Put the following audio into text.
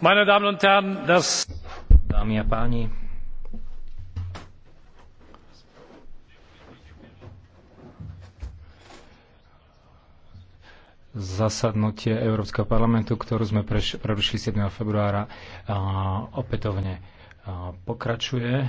Meine Damen und Herren, das... a páni, zasadnutie Európskeho parlamentu, ktorú sme prerušili 7. februára, opätovne pokračuje.